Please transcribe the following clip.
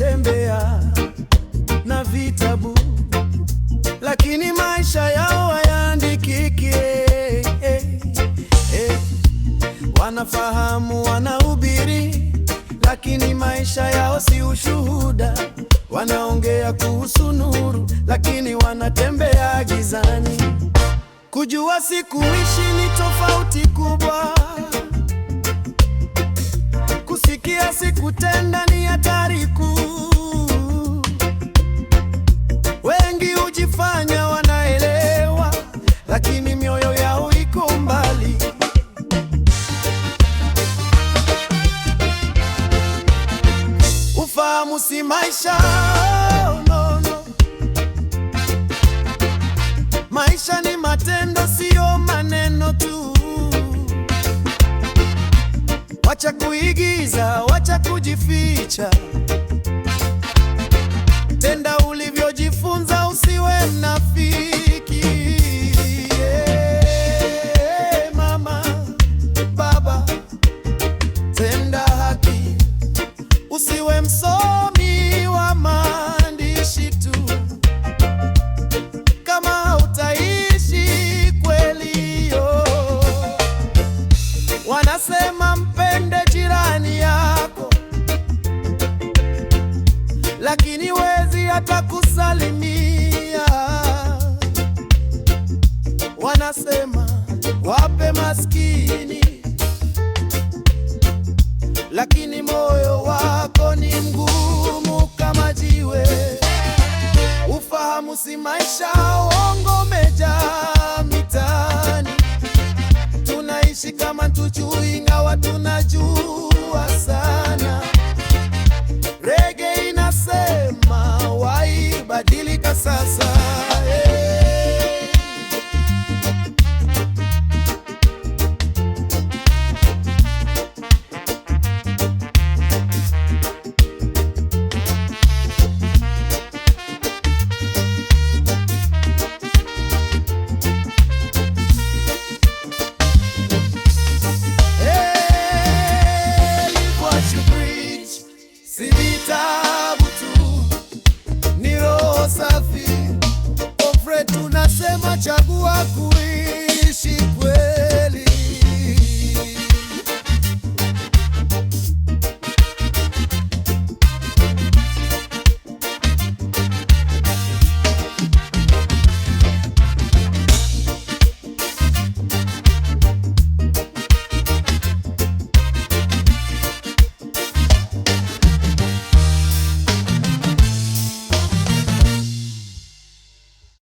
wanatembea na vitabu, lakini maisha yao hayaandikiki. Eh, eh, eh. Wanafahamu, wanahubiri, lakini maisha yao si ushuhuda. Wanaongea kuhusu nuru, lakini wanatembea gizani. Kujua sikuishi ni tofauti kubwa, kusikia sikutenda wanachokifanya wanaelewa, lakini mioyo yao iko mbali. Ufahamu si maisha, no, no. Maisha ni matendo, siyo maneno tu. Wacha kuigiza, wacha kujificha wanasalimia, wanasema wape maskini, lakini moyo wako ni mgumu kama jiwe. Ufahamu si maisha, uongo umejaa mitaani. Tunaishi kama tuchuingawa tunajua